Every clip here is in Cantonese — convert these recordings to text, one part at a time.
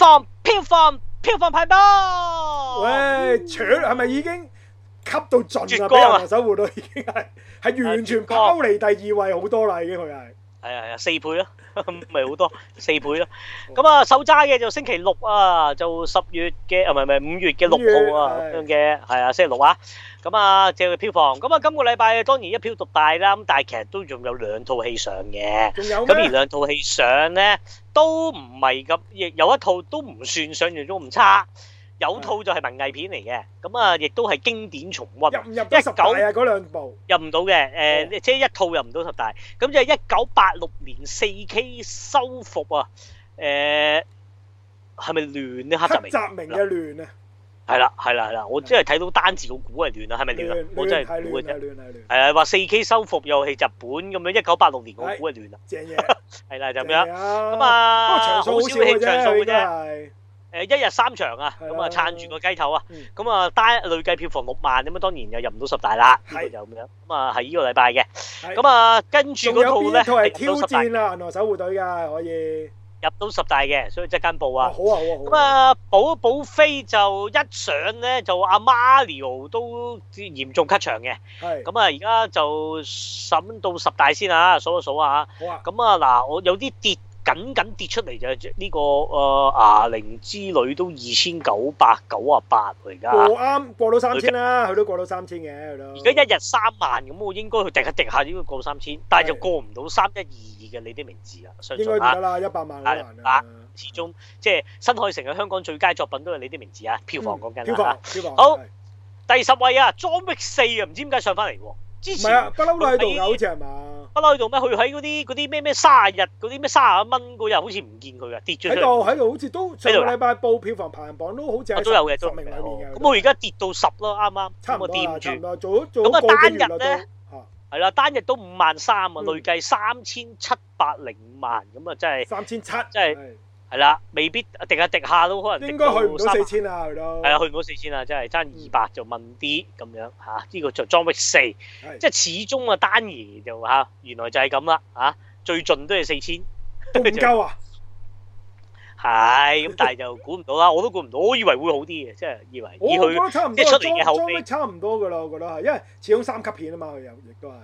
放票房票房排行榜，喂，搶係咪已經吸到盡啊？俾人防守到已經係，係完全拋離第二位好多啦，已經佢係，係係啊，四倍啦，咁咪好多，四倍啦。咁啊，手齋嘅就星期六啊，就十月嘅啊，唔係唔係五月嘅六號啊，咁樣嘅，係啊，星期六啊。咁啊，借佢票房。咁啊，今個禮拜當然一票獨大啦。咁但係其實都仲有兩套戲上嘅。咁而兩套戲上咧，都唔係咁，亦有一套都唔算想像中唔差。啊、有套就係文藝片嚟嘅。咁啊，亦都係經典重溫。入唔入十大？一九係啊，嗰兩部。入唔到嘅，誒、呃，哦、即係一套入唔到十大。咁就係一九八六年四 K 修復啊。誒、呃，係咪亂呢？黑澤明。黑澤明嘅亂啊！係啦，係啦，係啦，我真係睇到單字，我估係亂啦，係咪亂啊？我真係估嘅啫。誒話四 K 修復遊戲日本咁樣，一九八六年我估係亂啦，正係啦，就咁樣。咁啊，好少戲場數嘅啫。誒，一日三場啊，咁啊撐住個雞頭啊，咁啊單累計票房六萬，咁啊當然又入唔到十大啦。呢個就咁樣。咁啊，係呢個禮拜嘅。咁啊，跟住嗰套咧，定都十大。仲挑戰啊？銀河守護隊㗎，可以。入到十大嘅，所以即刻報啊！好啊好啊好啊！咁啊，保啊保飛就一上咧就阿馬尼都嚴重咳 u 嘅。係是。咁啊，而家就審到十大先啊，數一數啊嚇。好啊。咁啊，嗱，我有啲跌。僅僅跌出嚟就，呢、這個誒鈴芽之旅都二千九百九十八佢而家。啱過，過到三千啦，佢都過到三千嘅。而家一日三萬咁，我應該佢定然定下都要過三千的，但係就過唔到三一二二嘅你啲名字信啊，相差啦。唔得啦，一百萬啦，始終即係新海誠嘅香港最佳作品都係你啲名字啊，票房講緊票房，票房。好，的第十位 4, 啊，在在《John Wick 4》啊，唔知點解上翻嚟喎。唔係不嬲都喺度好似係嘛？不嬲去做咩？佢喺嗰啲嗰啲咩咩卅日嗰啲咩卅蚊嗰日，好似唔見佢嘅跌咗出去。喺度喺度好似都上個禮拜報票房排行榜都好似都有嘅，都名列前茅嘅。咁我而家跌到十咯，啱啱差唔多掂住。做咗咁啊單日咧係啦，單日都五萬三啊，累計三千七百零五萬咁啊，真係三千七真係。係啦，未必，跌下跌下都可能跌到三千，應該去唔到四千啦，都係啊，去唔到四千啦，真係爭二百就問啲咁樣嚇，呢個就裝逼四，即係始終啊單言就嚇，原來就係咁啦嚇，最盡都係四千，都唔夠啊，係， 但係就估唔到啦，我都估唔到，我以為會好啲嘅，即係以為， 以去我覺得差唔多，即係出嚟嘅後面差唔多噶啦，我覺得係，因為始終三級片啊嘛，佢又亦都係。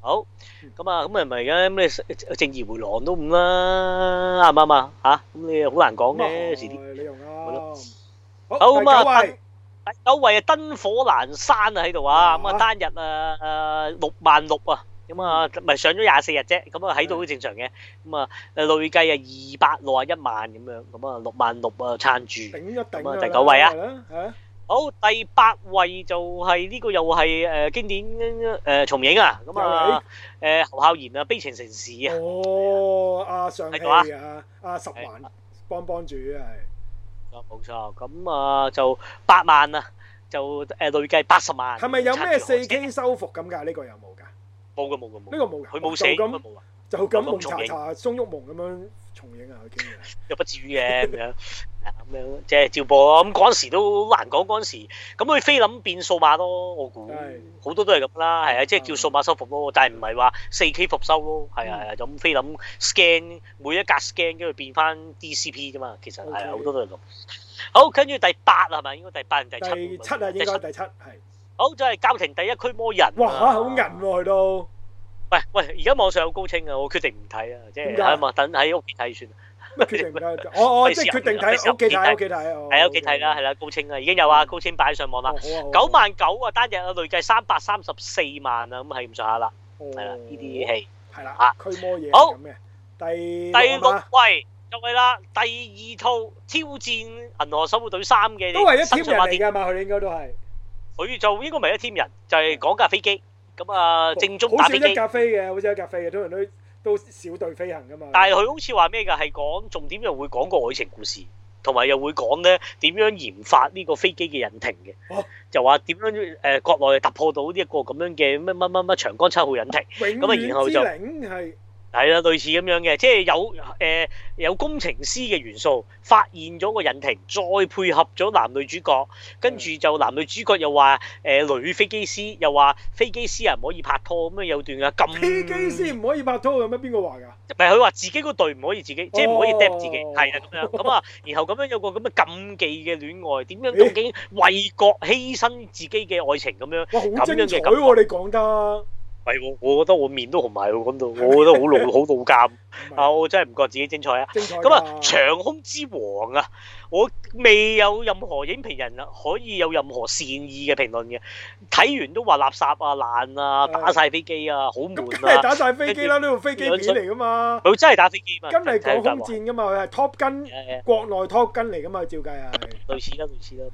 好，咁啊，咁啊，唔係而家咁你正義回廊都唔啦，啱唔啱啊？吓，咁你又好難講嘅，有時啲。好，第九位。好，第九位啊，燈火闌珊啊，喺度啊，咁啊，單日啊，誒，六萬六啊，咁啊，咪上咗廿四日啫，咁啊，喺度好正常嘅，咁啊，累計啊，二百六啊一萬咁樣，咁啊，六萬六啊撐住。頂一定啊！第九位啊，吓。好，第八位就係、是、呢、這個又係誒、呃、經典誒、呃、重影啊，咁啊誒侯孝賢啊《悲情城市》啊，哦，阿上戲啊，阿十萬幫幫、啊、主係、啊，啊冇錯，咁啊就八萬啊，就誒累計八十萬，係咪、呃、有咩四 K 修復咁噶？呢、這個有冇噶？冇噶冇噶，呢個冇，佢冇死咁。就咁重影，松鬱蒙咁樣重影啊！佢竟然又不至於嘅咁樣，啊咁樣即係照播咯。咁嗰陣時都難講，嗰陣時咁佢菲林變數碼咯。我估好多都係咁啦，係啊，即係叫數碼修復咯。但係唔係話四 K 復修咯？係啊係啊，就咁菲林 scan 每一格 scan 跟住變翻 DCP 啫嘛。其實係啊，好多都係咁。好，跟住第八啊，係咪應該第八定第七？第七啊，應該第七。係。好，就係《教廷第一驅魔人》。哇！好銀喎，佢都。喂喂，而家網上有高清啊！我決定唔睇啊。即係係咪等喺屋企睇算？咩決定啊？我我即係決定睇，喺屋企睇，喺屋企睇哦。喺屋企睇啦，係啦，高清啊，已經有啊，高清擺上網啦，九萬九啊，單日啊累計三百三十四萬啊，咁係咁上下啦，係啦，呢啲戲係啦，驅魔嘢好。第第六喂，各位啦，第二套《挑戰銀河守護隊三》嘅都為咗天人嚟噶嘛？佢應該都係佢就應該唔係為咗天人，就係講架飛機。咁啊，正宗打飛機嘅好似一架飛嘅，通常都都小隊飛行噶嘛。但係佢好似話咩㗎？係講重點又會講個愛情故事，同埋又會講咧點樣研發呢個飛機嘅引擎嘅，哦、就話點樣誒、呃、國內突破到呢一個咁樣嘅乜乜乜乜長江七號引擎，咁啊然後就。係啦，類似咁樣嘅，即係有誒、呃、有工程師嘅元素，發現咗個引擎，再配合咗男女主角，跟住就男女主角又話誒、呃、女飛機師，又話飛機師又、啊、唔可以拍拖咁樣有段啊禁。飛機師唔可以拍拖嘅咩？邊個話噶？唔係佢話自己個隊唔可以自己，哦、即係唔可以釣自己，係啊咁樣咁啊、哦。然後咁樣有個咁嘅禁忌嘅戀愛，點樣究竟為國犧牲自己嘅愛情咁、欸、樣？哇！好精彩喎！你講得～係，我覺得我面都紅埋，咁就我覺得好老，好老奸，但我真係唔覺自己精彩啊。精彩。咁啊，長空之王啊，我未有任何影評人可以有任何善意嘅評論嘅，睇完都話垃圾啊、爛啊、打晒飛機啊、好悶啊。咁係打晒飛機啦，呢部飛機片嚟噶嘛。佢真係打飛機嘛？今日講空戰噶嘛？佢係 Top Gun 國內 Top Gun 嚟噶嘛？照計啊，類似啦，類似啦。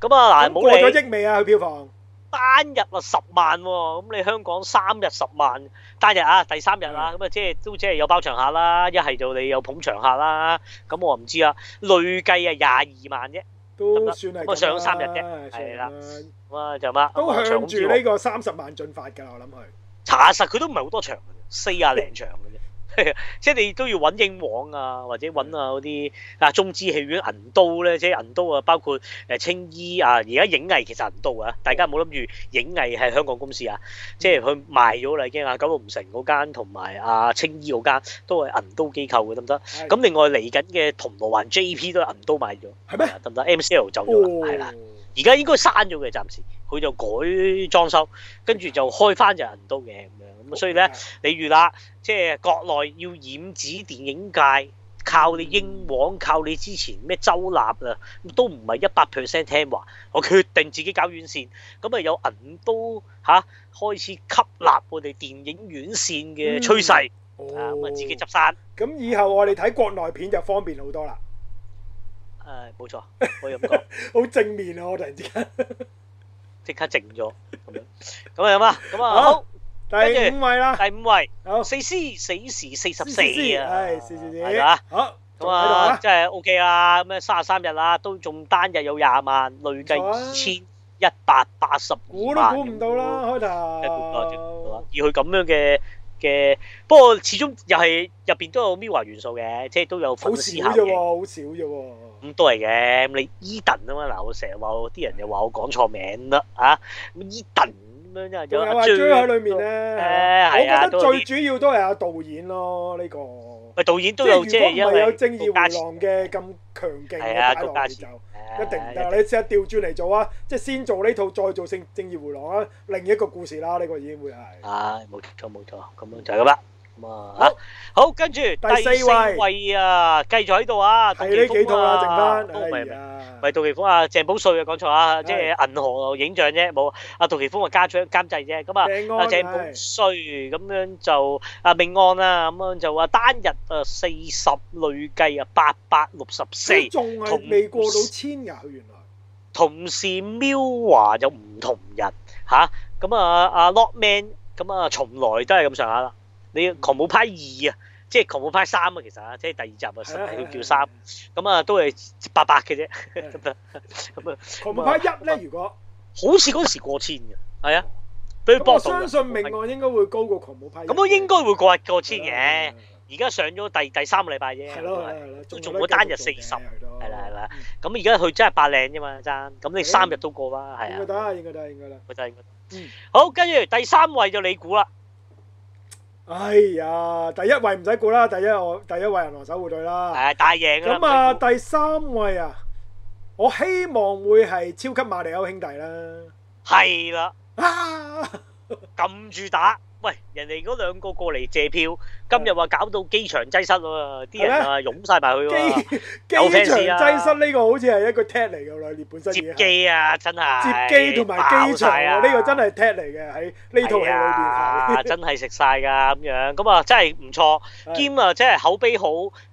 咁啊，嗱，過咗億美啊，去票房。單日啊十萬喎、啊，咁、嗯、你香港三日十萬單日啊，第三日啊，咁啊即係都即係有包場客啦，一係就你有捧場客啦。咁、嗯、我唔知啊，累計都 行行啊廿二萬啫，都算係我上三日啫，係啦、啊，咁哇就乜都向住呢個三十萬進發㗎，我諗佢查實佢都唔係好多場，四廿零場㗎啫。 即係， 你都要揾英皇啊，或者揾啊嗰啲啊中資戲院銀都咧，即係銀都啊，包括誒青衣啊，而家影藝其實銀都啊，大家冇諗住影藝係香港公司啊，即係佢賣咗啦已經啊，九龍城嗰間同埋啊青衣嗰間都係銀都機構嘅得唔得？咁嗎另外嚟緊嘅銅鑼灣 JP 都係銀都買咗，係咩嗎？得唔得？MCL 走咗啦，係啦，而家、哦、應該閂咗嘅，暫時佢就改裝修，跟住就開翻就係銀都嘅。咁所以咧，你如啦，即係國內要染指電影界，靠你英皇，靠你之前咩周立啊，都唔係一百 percent 聽話。我決定自己搞院線，咁啊有銀都嚇開始吸納我哋電影院線嘅趨勢，咁、嗯哦、啊自己執散。咁以後我哋睇國內片就方便好多啦。誒、呃，冇錯，可以咁講，好 正面啊！我突然之間即刻靜咗，咁 樣，咁啊嘛，咁啊好。 第五位啦，後第五位，好，四 C 死，死時四十四啊，係，死死死，係啦的，好，咁啊、嗯，即係 O K 啦，咁咧三十三日啦，都仲單日有廿萬，累計二千一百八十二萬，估都估唔到啦開頭，估唔到，要佢咁樣嘅嘅。不過始終又係入邊都有 MIRROR 元素嘅，即係都有粉絲效應，好少啫，好少啫，咁都係嘅，咁你伊頓啊嘛，嗱，我成日話我啲人又話我講錯名啦，啊，咁伊頓。啊咁樣真係有、啊、最喺裏面咧，我覺得最主要都係阿、啊、導演咯，呢個。喂，導演都有即係是，因為有《正義回廊》嘅咁強勁嘅底落，啊、就、啊、一定唔得。啊、你試下調轉嚟做啊，即係先做呢套，再做《正正義回廊》。啊，另一個故事啦，呢、呢個已經會係。唉、啊，冇錯冇錯，咁樣就係咁啦。啊！好，跟住第四位啊，繼續喺度啊。杜琪峰啊，陣間，唔係杜琪峰啊，鄭寶瑞啊，講錯啊，即係銀河影像啫，冇啊。阿杜琪峰啊，加槍監製啫。咁啊，阿鄭寶瑞咁樣就啊命案啊，咁樣就話單日啊四十累計啊八百六十四，仲係未過到千㗎。佢原來同事瞄華有唔同人嚇咁啊，阿 Lockman 咁啊，從來都係咁上下啦。你《狂舞派二》啊，即係《狂舞派三》啊，其實啊，即係第二集啊，叫叫三，咁啊都係八百嘅啫，咁啊，《狂舞派一》咧，如果好似嗰時過千嘅，係啊，俾佢波動。相信命案應該會高過《狂舞派》，咁啊應該會過過千嘅，而家上咗第第三個禮拜啫，仲會單日四十，係啦係啦，咁而家佢真係八靚啫嘛，爭咁你三日都過啦，係啊，得，應該得，應該得，好，跟住第三位就你估啦。哎呀，第一位唔使估啦，第一我第一位銀河守護隊啦，係大贏啦。咁啊，啊第三位啊，我希望會係超級馬里歐兄弟啦，係啦的，撳住、啊、 打，喂，人哋嗰兩個過嚟借票。今日話搞到機場擠塞啊！啲人啊湧晒埋去啊！機機場擠塞呢個好似係一個 tag 嚟㗎啦，連本身接機啊，真係接機同埋機場呢個真係 tag 嚟嘅，喺呢套戲裏邊係啊！真係食晒㗎咁樣，咁啊真係唔錯，兼啊真係口碑好，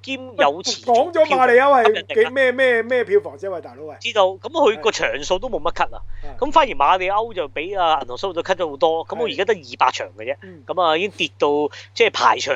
兼有錢。講咗馬里歐係幾咩咩咩票房先喂，大佬知道咁佢個場數都冇乜 cut 啊，咁反而馬里歐就俾啊銀河蘇打 cut 咗好多。咁我而家得二百場嘅啫，咁啊已經跌到即係排場。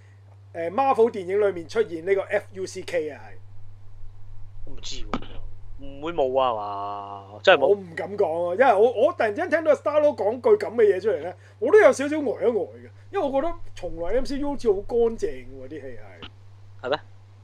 誒 Marvel 電影裏面出現呢個 F U C K 啊，係我唔知喎，唔會冇啊嘛，真係我唔敢講啊，因為我我突然之間聽到 Starlo 講句咁嘅嘢出嚟咧，我都有少少呆一呆嘅，因為我覺得從來 MCU 好似好乾淨喎，啲戲係係咩？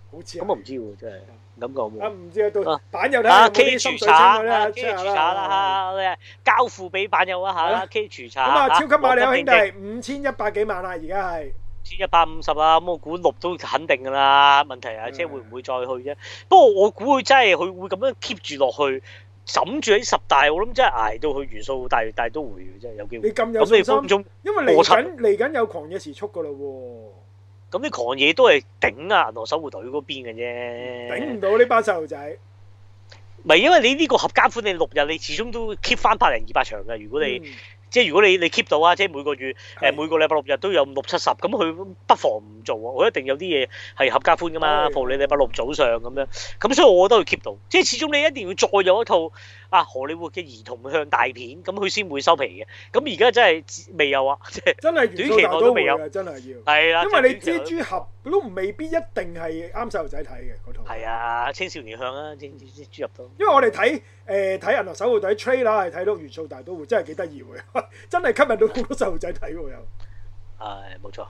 好似咁我唔知喎，真係唔敢講喎。啊唔知啊，到板友啦，K 廚茶啦，K 廚茶啦嚇，我哋交付俾板友啊嚇啦，K 廚茶。咁啊，超級瑪利奧兄弟五千一百幾萬啦，而家係。先一百五十啦，咁我估六都肯定噶啦。問題係，即係會唔會再去啫？嗯、不過我估佢真係佢會咁樣 keep 住落去，枕住喺十大，我諗真係捱到佢元素，但係但係都會，真係有機會。你咁有心，你因為嚟緊嚟緊有狂野時速噶咯、啊。咁啲狂野都係頂啊，銀河守護隊嗰邊嘅啫，頂唔到呢班細路仔。唔係，因為你呢個合家歡，你六日，你始終都 keep 翻百零二百場嘅。如果你、嗯即係如果你你 keep 到啊，即係每個月誒每個禮拜六日都有六七十，咁佢不妨唔做啊，我一定有啲嘢係合家歡㗎嘛，的逢你禮拜六早上咁樣，咁所以我覺得要 keep 到，即係始終你一定要再有一套。啊，荷里活嘅兒童向大片，咁佢先會收皮嘅。咁而家真係未有啊，即係真係元素大都會，真係要係啦。因為你蜘蛛俠都未必一定係啱細路仔睇嘅嗰套。係啊，青少年向啊，蜘蛛蜘蛛俠都。因為我哋睇誒睇《銀河守護隊》trailer 係睇到元素大都會，真係幾得意喎！真係吸引到好多細路仔睇喎又。誒， 冇錯。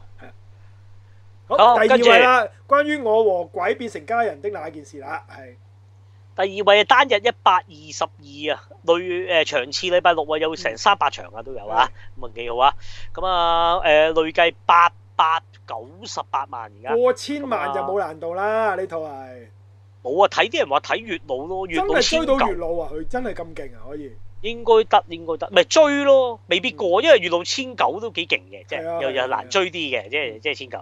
好，好著第二位啦，關於我和鬼變成家人的那一件事啦，係。第二位啊，單日一百二十二啊，累誒場、呃、次，禮拜六啊有成三百場啊，都有啊，咁啊是的 幾好啊，咁啊誒、呃、累計八百九十八萬而家，過千萬、啊、就冇難度啦呢套係、啊，冇啊睇啲人話睇月老咯，月老追到月老啊，佢真係咁勁啊可以？應該得，應該得，咪追咯，未必過，因為遇到千九都幾勁嘅，即係又又難追啲嘅，即係即係千九。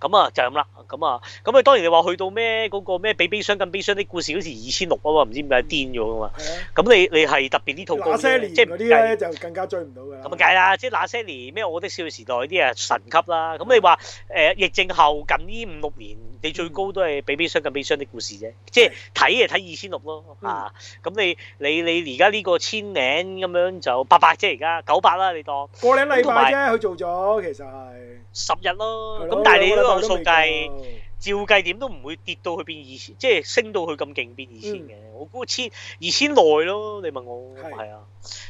咁啊就咁啦，咁啊，咁啊當然你話去到咩嗰個咩比悲傷更悲傷的故事好似二千六啊嘛，唔知點解癲咗噶嘛。咁你你係特別呢套即係嗰啲咧就更加追唔到㗎。咁啊計啦，即係那些年咩我的少女時代啲啊神級啦。咁你話誒疫症後近呢五六年你最高都係比悲傷更悲傷的故事啫，即係睇啊睇二千六咯啊。咁你你你而家呢個千。名咁樣就八百啫，嗯、而家九百啦，你當過兩禮拜啫，佢做咗其實係十日咯。咁的但係你嗰個數計，照計點都唔會跌到去變二千，即係升到去咁勁變二千嘅。嗯、我估千二千內咯。你問我係的的啊，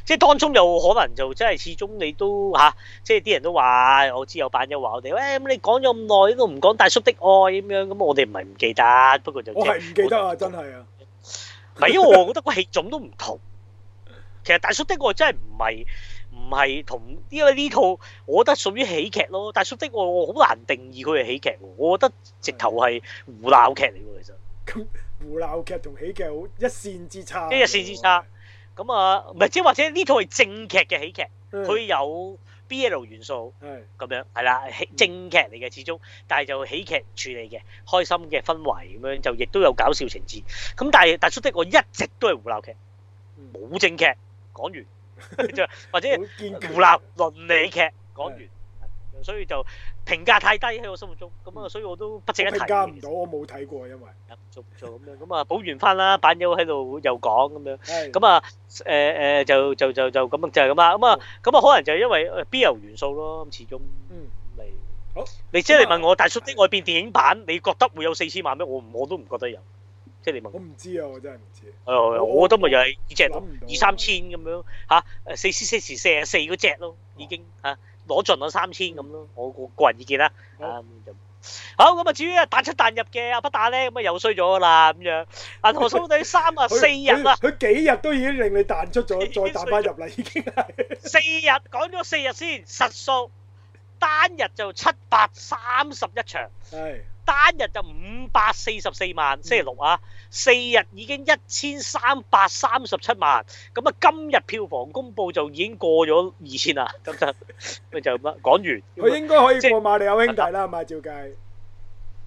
即係當中又可能就真係始終你都吓，即係啲人都話，我知有版友話我哋，喂、哎，咁你講咗咁耐都唔講大叔的愛咁樣，咁我哋唔係唔記得，不過就我係唔記得啊，真係啊，唔係因為我覺得個戲種都唔同。其實大叔的我真係唔係唔係同，因為呢套我覺得屬於喜劇咯，大叔的我好難定義佢係喜劇，我覺得直頭係胡鬧劇嚟嘅。其實咁、嗯、胡鬧劇同喜劇好一線之差，嗯嗯啊，即一線之差。咁啊，唔係即或者呢套係正劇嘅喜劇，佢、嗯、有 B L 元素，咁、嗯、樣係啦，正劇嚟嘅始終，但係就是喜劇處理嘅開心嘅氛圍咁樣，就亦都有搞笑情節。咁但係大叔的我一直都係胡鬧劇，冇正劇。講完或者建立倫理劇講完， 所以就評價太低喺我心目中咁啊，所以我都不值一提。加唔到，實我冇睇過，因為唔錯唔咁樣咁啊，補完翻啦，版友喺度又講咁樣咁啊，誒誒就就就就咁啊，就係咁啦，咁啊咁啊，可能就係因為 BL 元素咯，始終未、嗯、好。你即係你問我，大叔的外傳電影版，你覺得會有四千萬咩？我我都唔覺得有。我唔知啊，我真係唔知。我都咪又係呢隻，二三千咁樣嚇、啊。四 C 四四十四嗰隻咯，已經嚇攞、啊啊、盡咗三千咁咯。嗯、我個人意見啦。好咁啊，嗯、至於彈出彈入嘅阿不打咧，咁啊又衰咗啦咁樣。阿河守隊三啊四日啊，佢幾日都已經令你彈出咗，再彈翻入嚟已經係。四日講咗四日先實數，單日就七百三十一場。係。 單日就五百四十四萬，星期六啊，四日已經一千三百三十七萬，咁啊今日票房公布就已經過咗二千啦，咁 就咪就乜講完？佢應該可以過《馬里奧兄弟》啦即，係咪照計？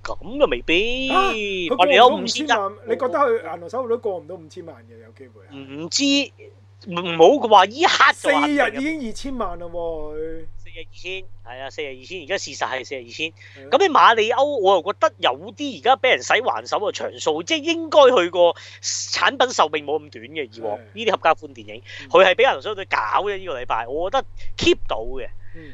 咁又未必。佢、啊、過唔到五千萬，你覺得佢《銀河守護隊》都過唔到五千萬嘅有機會啊？唔知唔好話依刻四日已經二千萬啦喎。四廿二千，係啊，四廿二千，而家事實係四廿二千。咁你馬里歐，我又覺得有啲而家俾人使還手嘅長數，即係應該佢個產品壽命冇咁短嘅。以往呢啲合家歡電影，佢係俾人相對搞嘅呢個禮拜，我覺得 keep 到嘅。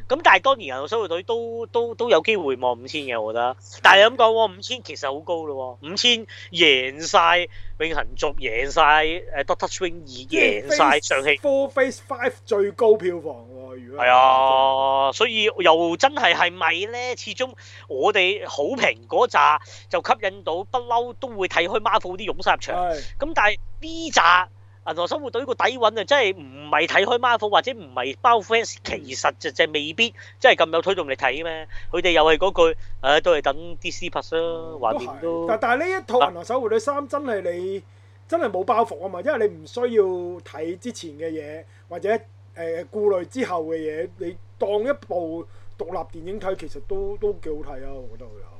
咁、嗯、但係當然，人和搜救隊都都都有機會望五千嘅，我覺得。但係咁講喎，五千其實好高咯喎，五千贏晒永恆族，贏晒 Doctor Swing 而贏晒上戲。Four face five 最高票房喎，如果係啊，所以又真係係咪咧？始終我哋好評嗰扎就吸引到不嬲都會睇開 Marvel 啲，湧晒入場。咁、嗯啊、但係呢扎。銀河守護隊呢個底蘊啊，真係唔係睇開 Marvel 或者唔係包 fans，其實就就未必真係咁有推動力睇咩？佢哋又係嗰句，誒、啊、都係等 DC p 拍咯，揾都。但但係呢一套銀河守護隊三真係你真係冇包袱啊嘛，因為你唔需要睇之前嘅嘢或者誒、呃、顧慮之後嘅嘢，你當一部獨立電影睇，其實都都幾好睇啊！我覺得佢。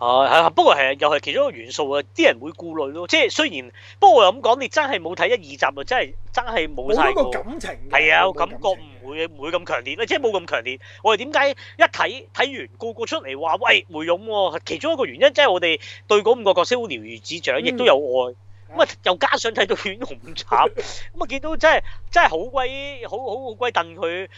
啊，係不過係又係其中一個元素啊，啲人會顧慮咯。即係雖然，不過我又咁講，你真係冇睇一二集，啊，真係真係冇晒冇個感情。係啊，感覺唔會唔會咁強烈，即係冇咁強烈。我哋點解一睇睇完個個出嚟話喂，梅勇喎？其中一個原因即係我哋對嗰五個角色好了如指掌，亦都有愛。咁啊，又加上睇到浣熊咁慘，咁啊見到真係真係好鬼好好好鬼憤佢。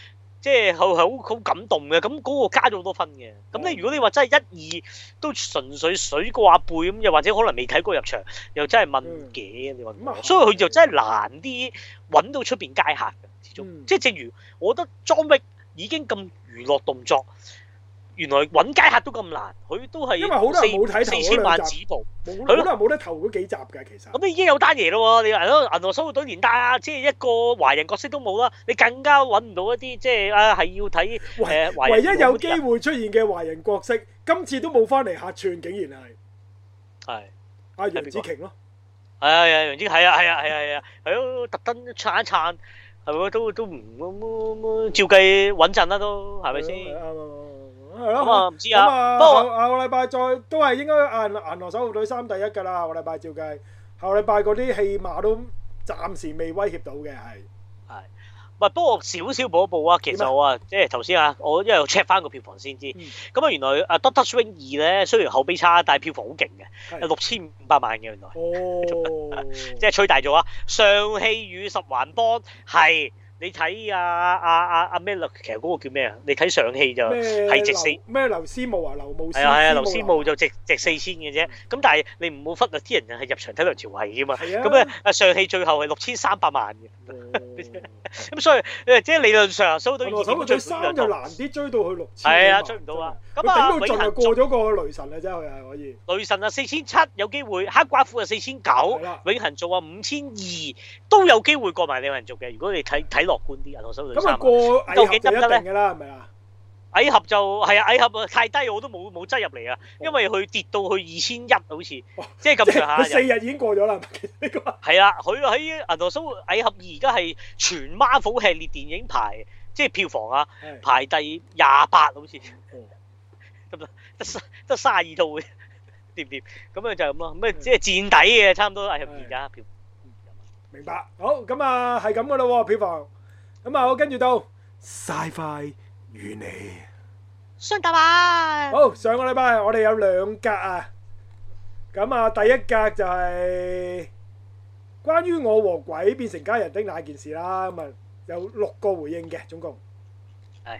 即係好好感動嘅，咁嗰個加咗好多分嘅。咁你如果你話真係一二都純粹水過鴨背咁，又或者可能未睇過入場，又真係問嘅咁、嗯、所以佢就真係難啲揾到出邊街客嘅，始終、嗯、即係正如我覺得 John Wick 已經咁娛樂動作。原來揾街客都咁難，佢都係因為好多人冇睇四千萬起步，好多人冇得投嗰幾集嘅其實。咁都已經有單嘢咯喎！你話咯，銀河蘇丹連，即係一個華人角色都冇啦。你更加揾唔到一啲即係啊，係要睇唯一有機會出現嘅華人角色，今次都冇翻嚟客串，竟然係係阿楊紫瓊咯。係啊，楊紫瓊係啊，係啊，係啊，係咯，特登撐一撐，係咪都都唔乜乜照計穩陣啦都係咪先？係咯，唔、嗯嗯嗯嗯、知啊。咁啊，下下個禮拜再都係應該啊，銀河守護隊三第一噶啦，個禮拜照計。下個禮拜嗰啲戲碼都暫時未威脅到嘅，係係。係，不過少少補一補啊。其實我啊，即係頭先啊，我因為 check 翻個票房先知。咁啊、嗯嗯，原來啊《Doctor Strange 二》咧，雖然口碑差，但係票房好勁嘅，六千五百萬嘅原來。即係吹大咗啊！尚氣與十環幫係。你睇阿阿阿阿咩啦？其實嗰個叫咩啊？你睇上戲就係值四咩？劉思慕啊，劉慕，係啊係啊，劉思慕就值值四千嘅啫。咁但係你唔好忽略啲人係入場睇梁朝偉嘅嘛。咁咧，阿上戲最後係六千三百萬嘅。咁所以誒，即係理論上收到五千，最三就難啲追到去六千。係啊，追唔到啊。咁啊，永恆過咗個雷神啊，真係係可以。雷神啊，四千七有機會，黑寡婦啊四千九，永恆做啊五千二都有機會過埋你份數嘅。如果你睇睇樂觀啲，阿羅生對。咁啊，過矮盒一定㗎啦，係咪啊？矮盒就係啊，矮盒啊太低，我都冇冇質入嚟啊，因為佢跌到去二千一好似，即係咁上下。四日已經過咗啦，係咪？係啊，佢喺銀河蘇矮盒二而家係全 Marvel 系列電影排即係票房啊，排第廿八好似。得三得三廿二套，掂唔掂？咁啊就係咁咯，咩即係墊底嘅，差唔多。哎呀，而家票明白，好咁啊係咁噶咯，票房。咁啊，我跟住到《沙塊與你》。雙打啊！好，上個禮拜我哋有兩格啊。咁啊，第一格就係關於我和鬼變成家人的那件事啦。咁啊，有六個回應嘅，總共。係。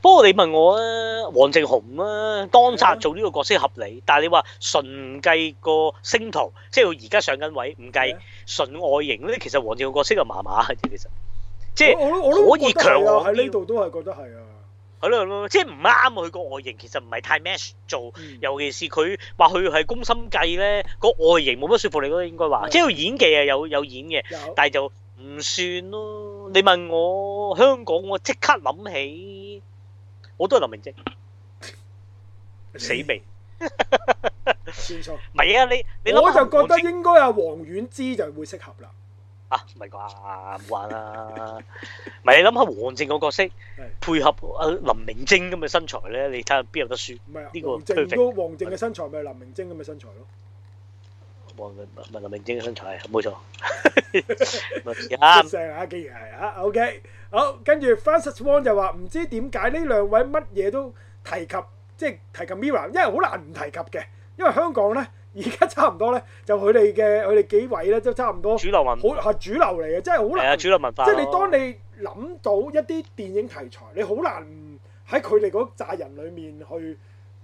不過你問我咧，王靖雄咧、啊、當差做呢個角色合理，啊、但係你話純計個星途，即係佢而家上緊位，唔計、啊、純外形咧，其實王靖雄角色就麻麻嘅。其實即係可以強我喺呢度都係覺得係啊，係咯、啊，即係唔啱佢個外形，其實唔係太 match 做，嗯、尤其是佢話佢係攻心計咧，個外形冇乜説服力咯。應該話、啊、即係演技係有有，有演嘅，但係就唔算咯。有你問我香港我，香港我即刻諗起。我都係林明晶，死命，算錯。唔係啊，你你我就覺得應該阿黃遠之就會適合啦。啊，唔係啩？唔玩啦。唔係你諗下黃靖個角色，配合阿林明晶咁嘅身材咧，你睇下邊有得輸？唔係啊，黃靖都黃靖嘅身材咪林明晶咁嘅身材咯。唔係林明晶嘅身材，冇錯。唔該。啊，竟然係啊，OK。好，跟住 Francis Wong 就話唔知點解呢兩位乜嘢都提及，即係提及 MIRROR，因為好難唔提及嘅。因為香港咧，而家差唔多咧，就佢哋嘅佢哋幾位咧，都差唔多主流文化，係主流嚟嘅，即係好難。主流文化。即係你當你諗到一啲電影題材，你好難喺佢哋嗰扎人裡面去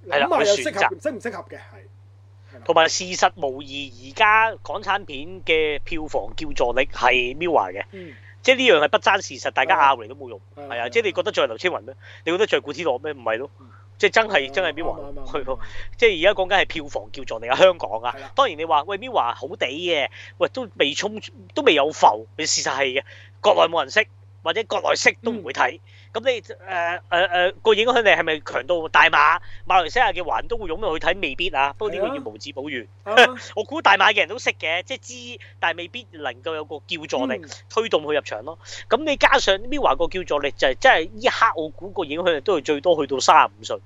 的，諗下又適合，適唔擇適合嘅，係。同埋事實無疑，而家港產片嘅票房叫座力係 MIRROR 嘅。嗯。即係呢樣係不爭事實，大家拗嚟都冇用。係啊，即係你覺得再係劉青雲咩？你覺得再係古天樂咩？唔係咯，啊、即係真係、啊、真係 MIRROR？係即係而家講緊係票房叫座嚟啊！香港啊，的當然你話喂 MIRROR 好地嘅，喂都未衝，都未有浮。事實係國內冇人識，或者國內識都唔會睇。咁你誒誒誒個影響力係咪強到大馬馬來西亞嘅華人都會湧到去睇？未必啊。不過呢個要無止保完，啊啊、 我估大馬嘅人都識嘅，即係知，但係未必能夠有個叫座力推動佢入場咯。咁、嗯、你加上 Miu 華個叫座力就係、是、即係一刻，我估個影響力都係最多去到三十五歲。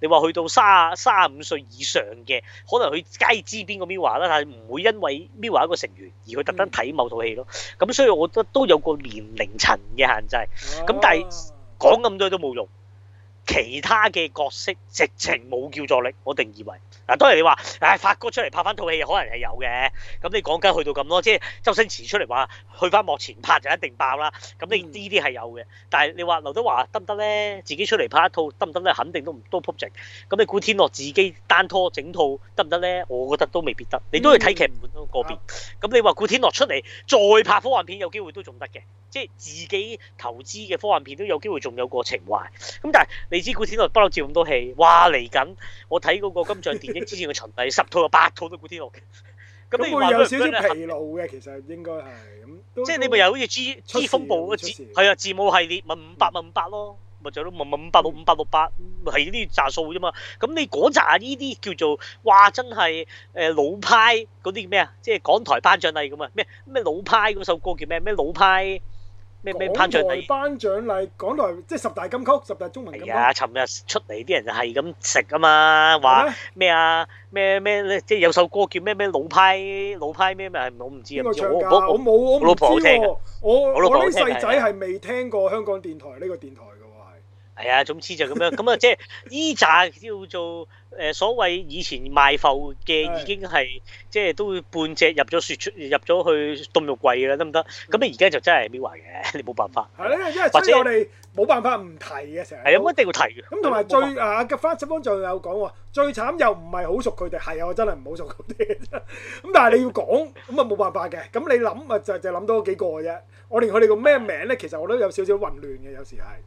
你話去到三三十五歲以上嘅，可能佢皆知邊個 Miu 啦，但係唔會因為 Miu 一個成員而佢特登睇某套戲咯。咁、嗯、所以我覺得都有個年齡層嘅限制。咁但係。啊啊講咁多都冇用，其他嘅角色直情冇叫座力，我定義為嗱。當然你話，唉、哎，發哥出嚟拍翻套戲可能係有嘅，咁你講緊去到咁多，即、就、係、是、周星馳出嚟話去翻幕前拍就一定爆啦。咁你呢啲係有嘅，但係你話劉德華得唔得呢？自己出嚟拍一套得唔得呢？肯定都唔都撲淨。咁你古天樂自己單拖整套得唔得呢？我覺得都未必得。你都要睇劇本咯，個別。咁你話古天樂出嚟再拍科幻片有機會都仲得嘅。即係自己投資嘅科幻片都有機會，仲有個情懷咁，但係你知古天樂不嬲接咁多戲，哇！嚟緊我睇嗰個金像電影之前嘅巡禮十 套有八套都古天樂咁， 嗯、你會，會有少少疲勞嘅，其實應該係咁。即係你咪又好似《G G 風暴》字係啊字母系列問五百問五百咯，咪、嗯、就係咯，問問五百六五百六百，係呢啲集數啫嘛。咁你嗰集依啲叫做哇真係誒老派嗰啲叫咩啊？即、就、係、是、港台頒獎禮咁啊咩咩老派嗰首歌叫咩咩老派？咩咩頒獎禮？頒獎禮，港台即係十大金曲、十大中文。係啊、哎，尋日出嚟啲人就係咁食啊嘛，話咩啊咩咩即係有首歌叫咩咩老派老派咩咩，我唔知啊。邊個唱㗎？我我冇，我唔知喎。我我啲細仔係未聽過香港電台呢、這個電台。係啊、哎，總之就咁樣，咁啊、就是，即係依扎叫做誒、呃、所謂以前賣浮嘅已經係的即係都會半隻入咗雪出入咗去凍肉櫃㗎啦，得唔得？咁你而家就真係咪話嘅？你冇辦法。係咯、嗯，的因為所以我哋冇辦法唔提嘅，成日。係咁一定要提嘅。咁同埋最啊，阿 f l a v 就有講喎，最慘又唔係好熟佢哋，係啊，我真係唔好熟佢哋。咁但係你要講，咁啊冇辦法嘅。咁你諗啊，就就諗多幾個嘅啫。我連佢哋個咩名咧，其實我都有少少混亂嘅，有時係。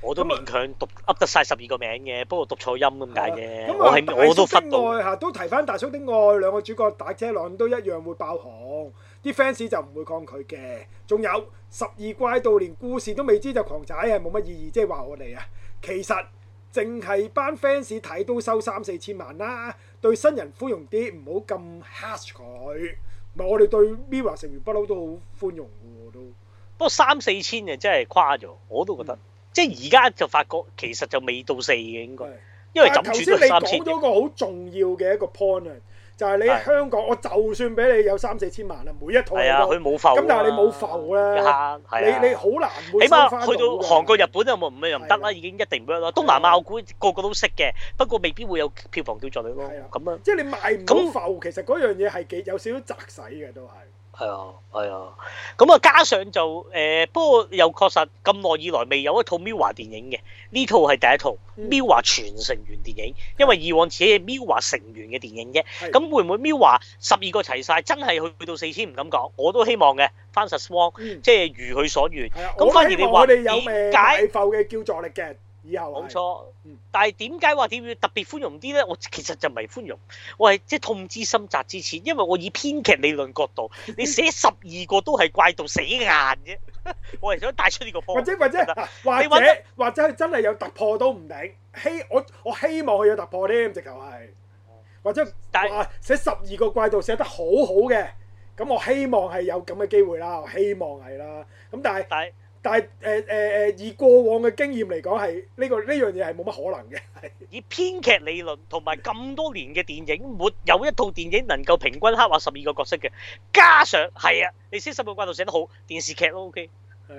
我都勉強讀噏、嗯、得晒十二個名嘅，不過讀錯音咁解嘅。啊嗯、我係是我都忽略吓、啊，都提翻《大叔的愛》兩個主角打車浪都一樣會爆紅，啲 fans 就唔會抗拒嘅。仲有《十二怪盜連故事都未知就狂仔係冇乜意義，即係話我哋啊，其實淨係班 fans 睇都收三四千萬啦。對新人寬容啲，唔好咁 hush 佢。唔係我哋對 MIRROR 成員不嬲都好寬容嘅，都不過三四千啊，真係誇咗，我都覺得。嗯嗯即係而家就發覺其實就未到四嘅應該，因為咁轉都三千。頭先你講咗一個好重要嘅一個 point 是的 就係你香港，是的 我就算俾你有三四千萬啦，每一套，佢冇浮,、啊但你浮啊。咁但係你冇浮啦，你你好難。起碼去到韓國、日本又冇，咪唔得啦，已經一定唔得啦。東南亞我估個個都識嘅，不過未必會有票房叫座率咯。咁啊的，樣即係你賣唔到浮，那其實嗰樣嘢係幾有少少窄使嘅都係。係啊，係啊，咁啊加上就誒、呃，不過又確實咁耐以來未有一套《m MIRROR》電影嘅，呢套係第一套《嗯、m MIRROR》全成員電影，因為以往自己係《MIRROR》成員嘅電影啫。咁是會唔會《MIRROR》十二個齊晒？真係去到四千唔敢講，我都希望嘅翻實光，Wong, 嗯、即係如佢所願。咁、啊、反而你話以解浮嘅叫作力嘅。以後冇錯，嗯、但係點解話點要特別寬容啲咧？我其實就唔係寬容，我係即係痛之心責之前因為我以編劇理論角度，你寫十二個都係怪到死硬啫。 我係想帶出呢個波，或者或者，或者或者係真係有突破都唔定。希我我希望佢有突破添，直頭係，或者但是哇寫十二個怪道寫得好好嘅，咁我希望係有咁嘅機會啦，我希望係啦。咁但係，但但係誒誒誒，以過往嘅經驗嚟講，係呢、呢個呢樣嘢係冇乜可能嘅。 以編劇理論同埋咁多年嘅電影，沒有一套電影能夠平均刻畫十二個角色嘅。加上係啊，你先十個季度寫得好電視劇都 OK，啊、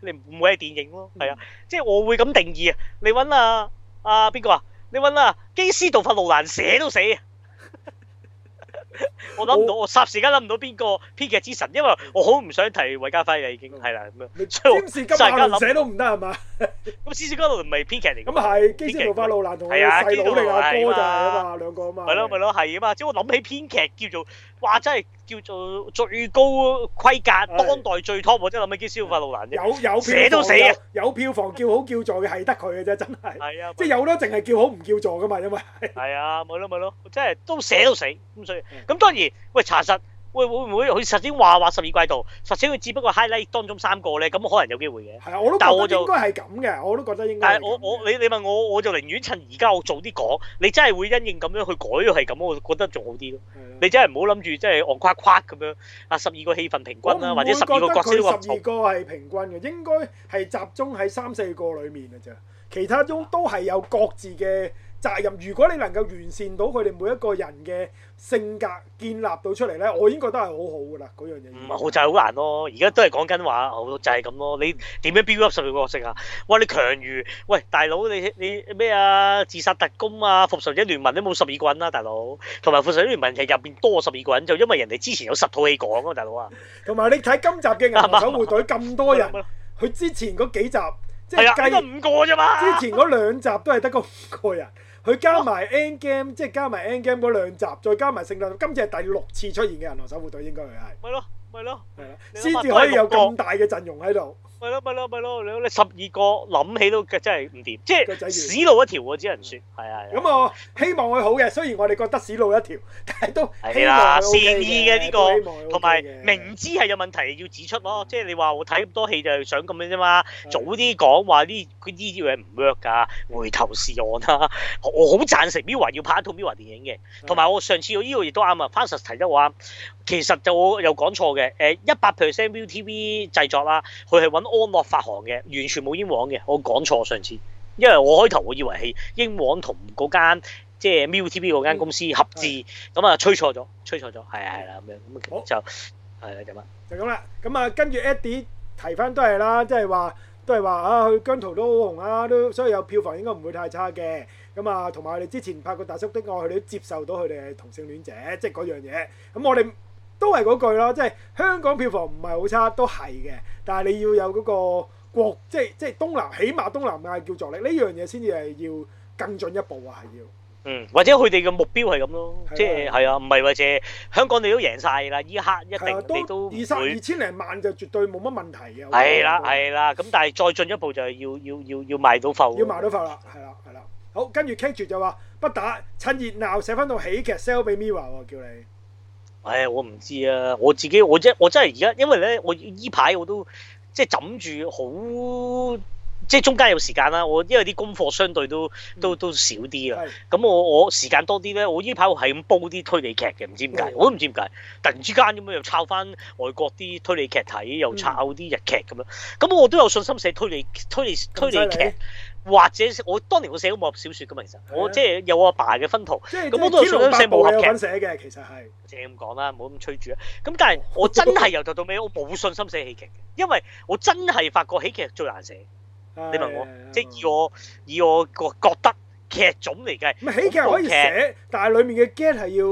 你唔會係電影咯。係啊，嗯、即係我會咁定義啊，啊，啊。你揾啊啊邊個啊？你揾啊基斯杜化路蘭寫都死。」 我諗唔到，我霎時間諗唔到邊個編劇之神，因為我好唔想提韋家輝啦，已經係啦咁樣。即時今晚寫都唔得係嘛？咁 《是斯斯格倫》唔係編劇嚟，嘅？咁啊係基斯杜化路蘭同我哋細佬嚟阿哥啊嘛，兩個啊嘛，係咯係咯係啊嘛，即係我諗起編劇叫做。哇！真係叫做最高規格，的當代最 top，即係諗起叫消費路人啫。有有寫都死啊！有票房叫好叫座嘅係得佢嘅啫，真係。係啊，即係有都淨係叫好唔叫座噶嘛，因為係啊，冇咯冇咯，即係都寫都死咁，所以咁當然喂查實。會會唔會？佢頭先話話十二季度，實先佢只不過 highlight 當中三個咧，咁可能有機會嘅。係啊，我都，但係應該係咁嘅，我都覺得應該。應該但係我我你你問我我就寧願趁而家我早啲講，你真係會因應咁樣去改，係咁，我覺得仲好啲咯。的你真係唔好諗住即係戇誇誇咁樣啊！十二個氣氛平均啊，或者十二個角色十二個係平均嘅，應該係集中喺三四個裡面嘅啫，其他中都係有各自嘅責任，如果你能夠完善到佢哋每一個人嘅性格，建立到出嚟咧，我已經覺得係好好噶啦，嗰樣嘢。唔係好就係好難咯，而家都係講緊話，好就係咁咯。你點樣 build up 十二個角色啊？喂，你強如喂大佬，你你咩啊？自殺特工啊，復仇者聯盟你冇十二個人啦，大佬。同埋復仇者聯盟係入邊多十二個人，就因為人哋之前有十套戲講啊，大佬啊。同埋你睇今集嘅銀河守護隊咁多人，佢之前嗰幾集即係計咗五個啫嘛。之前嗰兩集都係得個五個人。佢加埋 Endgame 即係加埋 Endgame 嗰兩集，再加埋聖誕，今次係第六次出現嘅《銀河守護隊》，應該佢係。咪咯，咪咯，係啦，先至可以有咁大嘅陣容喺度。咪咯咪咯咪咯，你十二個諗起都真係唔掂，即係死路一條喎，只能説，係啊。咁我希望佢好嘅，雖然我哋覺得死路一條，但係都希望善意嘅呢個，同埋明知係有問題要指出咯。即係你話我睇咁多戲就想咁樣啫嘛，早啲講話呢佢呢樣唔 work 㗎，回頭是岸啦。我好贊成 m i l l 華要拍一套 m i l l 華電影嘅，同埋我上次我呢個亦都啱啊。Ferns 提得我啱，其實就我又講錯嘅，誒一百 percent VTV 製作啦，佢係揾。安樂發行嘅，完全冇英皇嘅，我講錯上次，因為我開頭我以為係英皇同嗰間即係 ViuTV 嗰間公司合資，咁啊、嗯嗯、吹錯咗，吹錯咗，係係啦咁樣，咁好啊就係啦就乜就咁啦，咁啊跟住 Eddie 提翻都係啦，即係話都係話啊，佢姜濤都好紅啊，都所以有票房應該唔會太差嘅，咁啊同埋我哋之前拍過大叔的愛，佢哋都接受到佢哋係同性戀者，即係嗰樣嘢，咁我哋。都係嗰句咯，即係香港票房唔係好差，都係嘅。但係你要有嗰個國，即係即係東南，起碼東南亞叫助力呢樣嘢先至係要更進一步啊，係要。嗯，或者佢哋嘅目標係咁咯，即係係啊，唔係或者香港你都贏曬啦，依刻一定你都二十二千零萬就絕對冇乜問題嘅。係啦，係啦，咁但係再進一步就係要要要要賣到埠。要賣到埠啦，係啦，係啦。好，跟住 Cathy 就話不打，趁熱鬧寫翻套喜劇 sell 俾 Mirror 喎，叫你。唉，我唔知道啊，我自己我真我真係而家，因為咧，我依排我都即係枕住好。即係中間有時間啦。我因為啲功課相對都都、嗯、都少啲啊。咁、嗯、我我時間多啲咧，我呢排係咁煲啲推理劇嘅，唔知點解、嗯、我都唔知點解突然之間咁樣又抄翻外國啲推理劇睇，又抄啲日劇咁、嗯、樣。咁我都有信心寫推理推理推理劇，或者我當年我寫武俠小說噶嘛。其實、啊、我即係有我阿爸嘅分圖，咁是我都有信心寫武俠劇嘅。其實係正咁講啦，唔好咁吹住啊。咁但係我真係由 頭到尾，我冇信心寫喜劇，因為我真係發覺喜劇最難寫。你問我，啊啊、即係以我以我個覺得劇種嚟計，咁喜劇可以寫，劇但係裡面嘅 gap 係要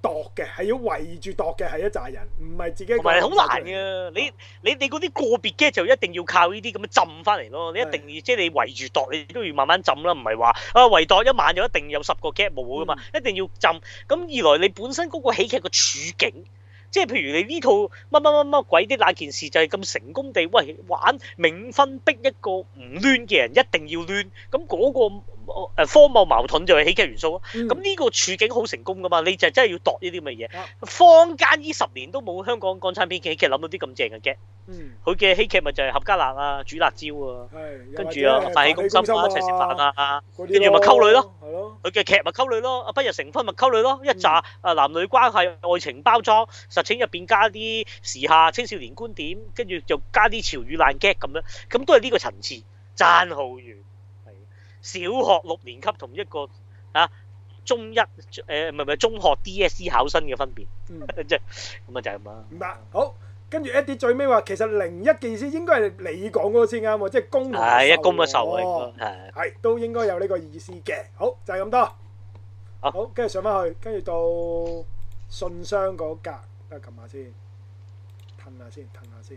度嘅，係要圍住度嘅，係一紮人，唔係自己一個。同埋好難㗎、啊，你你你嗰啲個別 gap 就一定要靠呢啲咁樣浸翻嚟咯，你一定要、啊、即係你圍住度，你都要慢慢浸啦，唔係話啊圍度一晚就一定有十個 gap 冇㗎嘛，嗯、一定要浸。咁二來你本身嗰個喜劇個處境。即係譬如你呢套乜乜乜乜鬼啲那件事就係咁成功地，喂玩明分逼一個唔亂嘅人一定要亂，咁嗰、嗰個。誒荒謬矛盾就係喜劇元素咯。咁呢個處境好成功噶嘛？你就真係要度呢啲咁嘅嘢。坊間呢十年都冇香港港產片，嘅喜實諗到啲咁正嘅 gag。佢嘅喜劇咪就係合家樂啊，煮辣椒啊，跟住啊發起公心一齊食飯啊，跟住咪溝女咯。佢嘅劇咪溝女咯，不日成婚咪溝女咯，一紮啊男女關係愛情包裝，實情入邊加啲時下青少年觀點，跟住就加啲潮語爛 gag 咁樣，咁都係呢個層次，賺好遠。小學六年級同一個啊中一，誒唔係，唔係中學 DSE 考生嘅分別，即係咁啊，就係咁啦。唔得，好跟住 Eddie 最尾話，其實另一件事應該係你講嗰個先啱喎，即係功同受。係一功一受喎，係都應該有呢個意思嘅。好，就係咁多。好，跟住上翻去，跟住到信箱嗰格，得撳下先，停下先，停下先。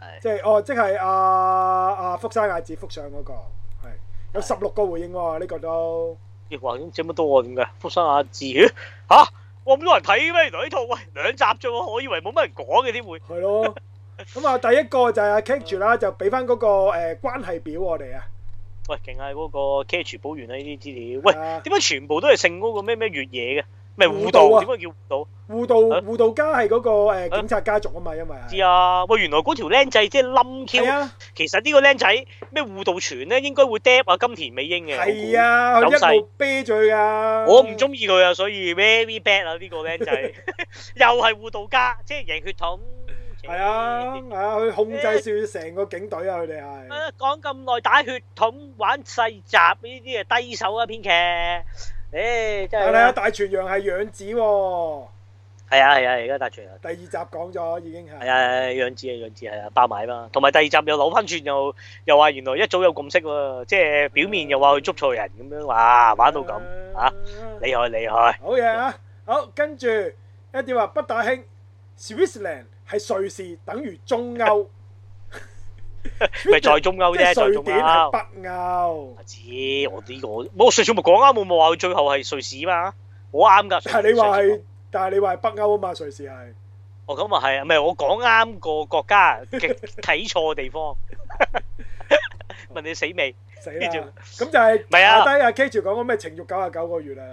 係即係哦，即係阿阿福山雅治復上嗰個。有十六個回應喎、啊，呢、這個都亦話點這麼多嘅？覆三阿志吓，嘩咁多人睇咩？原來呢套喂兩集啫喎，我以為冇乜人講嘅啲會係咯的。咁啊、 嗯，第一個就係阿 Cathy 啦，就俾翻嗰個誒、呃、關係表我哋啊。喂，勁係嗰個 Cathy 補完啦呢啲資料，喂，點解、啊、全部都係姓嗰個咩咩越野嘅？咩護道？點解叫護道？護道，護道家係嗰個警察家族啊嘛，因為知啊，喂，原來嗰條僆仔即係冧 Q。其實呢個僆仔咩護道傳咧，應該會爹啊金田美英嘅。係啊，一路啤罪啊！我唔中意佢啊，所以 very bad 啊！呢個僆仔又係護道家，即係贏血統。係啊，係啊，佢控制住成個警隊啊！佢哋係。講咁耐打血統，玩細集呢啲係低手啊編劇。誒，真係啊，大全羊係養子喎、哦。係啊係啊，而家、啊、大全羊。第二集講咗已經係。係啊，養子啊，養子係啊，啊，包埋啦。同埋第二集又扭翻轉，又又話原來一早有咁識喎。即係表面又話佢捉錯人咁樣，哇，啊，玩到咁啊！厲害厲害。厲害好嘢啊！好，跟住 Andy 話不打輕，Switzerland 係瑞士等於，等於中歐。咪在中歐啫，在中歐、北歐。我知，我呢個冇瑞士咪講啱，我冇話佢最後係瑞士嘛，好啱噶。但係你話係，但係你話係北歐啊嘛，瑞士係。哦，咁啊係，唔係我講啱個國家極睇錯地方。問你死未？死啦！咁就係下低阿 Cathy 講嗰咩情欲九十九個月啊！